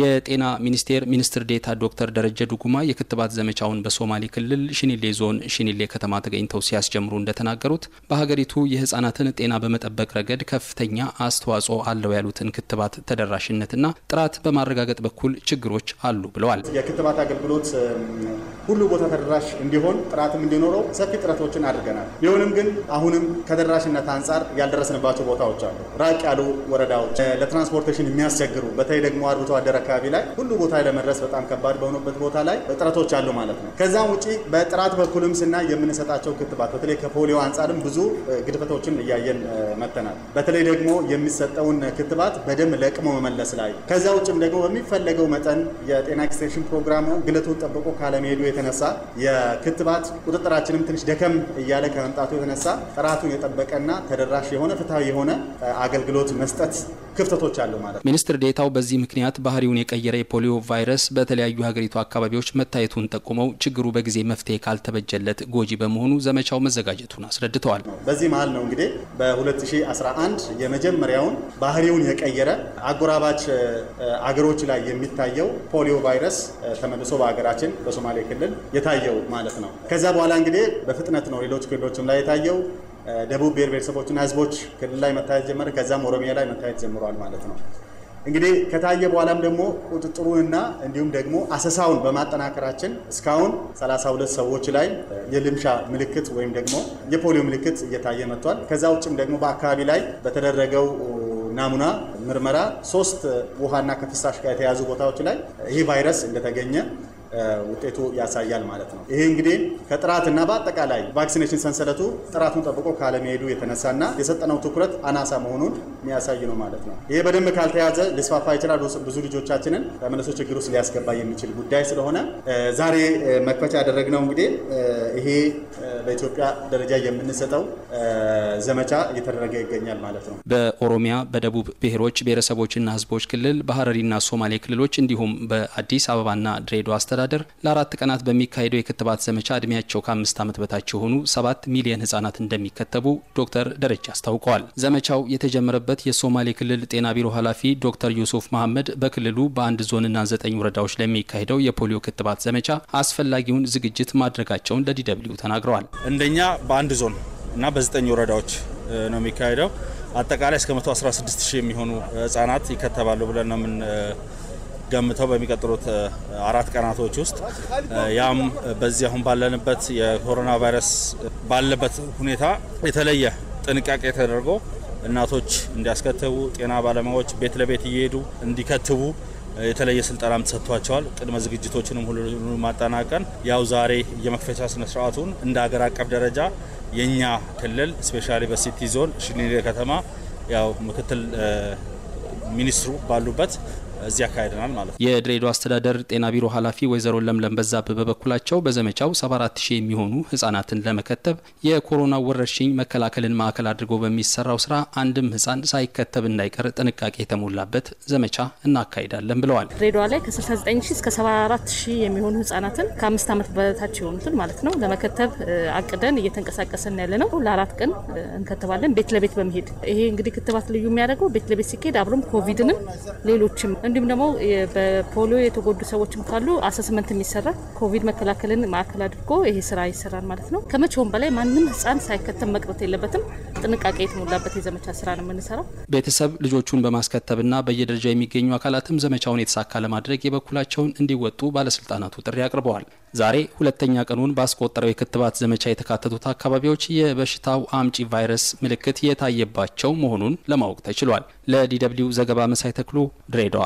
የጤና ሚኒስቴር ሚኒስትር ዴታ ዶክተር ደረጀ ዱጉማ የክትባት ዘመቻውን በሶማሌ ክልል ሽኒሌ ዞን ሽኒሌ ከተማ ተገኝተው ሲያስጀምሩ እንደተናገሩት በሀገሪቱ የህጻናትን ጤና በመጠበቅ ረገድ ከፍተኛ አስተዋጽኦ አለው ያሉትን ክትባት ተደራሽነትና ጥራት በማረጋገጥ በኩል ችግሮች አሉ ብለዋል። የክትባት አገልግሎት ሁሉ ቦታ ተደራሽ እንዲሆን ጥራትም እንዲኖረው ሰፊ ጥረቶችን አድርገናል። ቢሆንም ግን አሁንም ከተደራሽነት አንጻር ያልደረስንባቸው ቦታዎች አሉ። ራቅ ያሉ ወረዳዎች፣ ለትራንስፖርቴሽን የሚያስቸግሩ በተለይ ደግሞ አርብቶ አደራ አካባቢ ላይ ሁሉ ቦታ ለመድረስ በጣም ከባድ በሆነበት ቦታ ላይ እጥረቶች አሉ ማለት ነው። ከዛም ውጭ በጥራት በኩልም ስናይ የምንሰጣቸው ክትባት በተለይ ከፖሊዮ አንጻርም ብዙ ግድፈቶችን እያየን መጥተናል። በተለይ ደግሞ የሚሰጠውን ክትባት በደንብ ለቅሞ መመለስ ላይ ከዛ ውጭም ደግሞ በሚፈለገው መጠን የጤና ኤክስቴንሽን ፕሮግራሙ ግለቱን ጠብቆ ካለመሄዱ የተነሳ የክትባት ቁጥጥራችንም ትንሽ ደከም እያለ ከመምጣቱ የተነሳ ጥራቱን የጠበቀና ተደራሽ የሆነ ፍትሐዊ የሆነ አገልግሎት መስጠት ክፍተቶች አሉ ማለት ነው። ሚኒስትር ዴታው በዚህ ምክንያት ባህሪውን የቀየረ የፖሊዮ ቫይረስ በተለያዩ ሀገሪቱ አካባቢዎች መታየቱን ጠቁመው ችግሩ በጊዜ መፍትሄ ካልተበጀለት ጎጂ በመሆኑ ዘመቻው መዘጋጀቱን አስረድተዋል። በዚህ መሀል ነው እንግዲህ በ2011 የመጀመሪያውን ባህሪውን የቀየረ አጎራባች አገሮች ላይ የሚታየው ፖሊዮ ቫይረስ ተመልሶ በሀገራችን በሶማሌ ክልል የታየው ማለት ነው። ከዚያ በኋላ እንግዲህ በፍጥነት ነው ሌሎች ክልሎችም ላይ የታየው ደቡብ ብሔር ብሔረሰቦችና ህዝቦች ክልል ላይ መታየት ጀመረ። ከዛም ኦሮሚያ ላይ መታየት ጀምሯል ማለት ነው። እንግዲህ ከታየ በኋላም ደግሞ ቁጥጥሩንና እንዲሁም ደግሞ አሰሳውን በማጠናከራችን እስካሁን 32 ሰዎች ላይ የልምሻ ምልክት ወይም ደግሞ የፖሊዮ ምልክት እየታየ መጥቷል። ከዛ ውጭም ደግሞ በአካባቢ ላይ በተደረገው ናሙና ምርመራ ሶስት ውሃና ከፍሳሽ ጋር የተያዙ ቦታዎች ላይ ይህ ቫይረስ እንደተገኘ ውጤቱ ያሳያል ማለት ነው። ይሄ እንግዲህ ከጥራትና በአጠቃላይ ቫክሲኔሽን ሰንሰለቱ ጥራቱን ጠብቆ ካለመሄዱ የተነሳና የሰጠነው ትኩረት አናሳ መሆኑን የሚያሳይ ነው ማለት ነው። ይሄ በደንብ ካልተያዘ ሊስፋፋ ይችላል። ብዙ ልጆቻችንን ተመልሶ ችግር ውስጥ ሊያስገባ የሚችል ጉዳይ ስለሆነ ዛሬ መክፈቻ ያደረግነው እንግዲህ ይሄ በኢትዮጵያ ደረጃ የምንሰጠው ዘመቻ እየተደረገ ይገኛል ማለት ነው። በኦሮሚያ በደቡብ ብሔሮች ብሔረሰቦችና ህዝቦች ክልል በሀረሪና ሶማሌ ክልሎች እንዲሁም በአዲስ አበባና ድሬዳዋ አስተዳደር ለአራት ቀናት በሚካሄደው የክትባት ዘመቻ እድሜያቸው ከአምስት ዓመት በታች የሆኑ ሰባት ሚሊየን ህጻናት እንደሚከተቡ ዶክተር ደረጃ አስታውቀዋል። ዘመቻው የተጀመረበት የሶማሌ ክልል ጤና ቢሮ ኃላፊ ዶክተር ዩሱፍ መሐመድ በክልሉ በአንድ ዞንና ዘጠኝ ወረዳዎች ለሚካሄደው የፖሊዮ ክትባት ዘመቻ አስፈላጊውን ዝግጅት ማድረጋቸውን ለዲደብሊው ተናግረዋል። እንደኛ በአንድ ዞን እና በዘጠኝ ወረዳዎች ነው የሚካሄደው። አጠቃላይ እስከ 116 ሺህ የሚሆኑ ህጻናት ይከተባሉ ብለን ነው ገምተው በሚቀጥሉት አራት ቀናቶች ውስጥ። ያም በዚህ አሁን ባለንበት የኮሮና ቫይረስ ባለበት ሁኔታ የተለየ ጥንቃቄ ተደርጎ እናቶች እንዲያስከትቡ ጤና ባለሙያዎች ቤት ለቤት እየሄዱ እንዲከትቡ የተለየ ስልጠናም ተሰጥቷቸዋል። ቅድመ ዝግጅቶችንም ሁሉ ማጠናቀን ያው ዛሬ የመክፈቻ ስነስርዓቱን እንደ ሀገር አቀፍ ደረጃ የእኛ ክልል ስፔሻሊ በሲቲ ዞን ሽኒሌ ከተማ ያው ምክትል ሚኒስትሩ ባሉበት እዚህ ያካሄደናል ማለት ነው። የድሬዳዋ አስተዳደር ጤና ቢሮ ኃላፊ ወይዘሮ ለምለም በዛብ በበኩላቸው በዘመቻው 74 ሺህ የሚሆኑ ህጻናትን ለመከተብ የኮሮና ወረርሽኝ መከላከልን ማዕከል አድርጎ በሚሰራው ስራ አንድም ህጻን ሳይከተብ እንዳይቀር ጥንቃቄ የተሞላበት ዘመቻ እናካሂዳለን ብለዋል። ድሬዳዋ ላይ ከ69 ሺህ እስከ 74 ሺህ የሚሆኑ ህጻናትን ከአምስት ዓመት በታች የሆኑትን ማለት ነው ለመከተብ አቅደን እየተንቀሳቀስን ያለ ነው። ለአራት ቀን እንከተባለን ቤት ለቤት በመሄድ ይሄ እንግዲህ ክትባት ልዩ የሚያደርገው ቤት ለቤት ሲካሄድ አብሮም ኮቪድንም ሌሎችም እንዲሁም ደግሞ በፖሊዮ የተጎዱ ሰዎችም ካሉ አሰስመንት የሚሰራ ኮቪድ መከላከልን ማዕከል አድርጎ ይሄ ስራ ይሰራል ማለት ነው። ከመቼውም በላይ ማንም ህፃን ሳይከተም መቅረት የለበትም። ጥንቃቄ የተሞላበት የዘመቻ ስራ ነው የምንሰራው። ቤተሰብ ልጆቹን በማስከተብና በየደረጃ የሚገኙ አካላትም ዘመቻውን የተሳካ ለማድረግ የበኩላቸውን እንዲወጡ ባለስልጣናቱ ጥሪ አቅርበዋል። ዛሬ ሁለተኛ ቀኑን ባስቆጠረው የክትባት ዘመቻ የተካተቱት አካባቢዎች የበሽታው አምጪ ቫይረስ ምልክት የታየባቸው መሆኑን ለማወቅ ተችሏል። ለዲ ዘገባ መሳይ ተክሉ ድሬዳዋ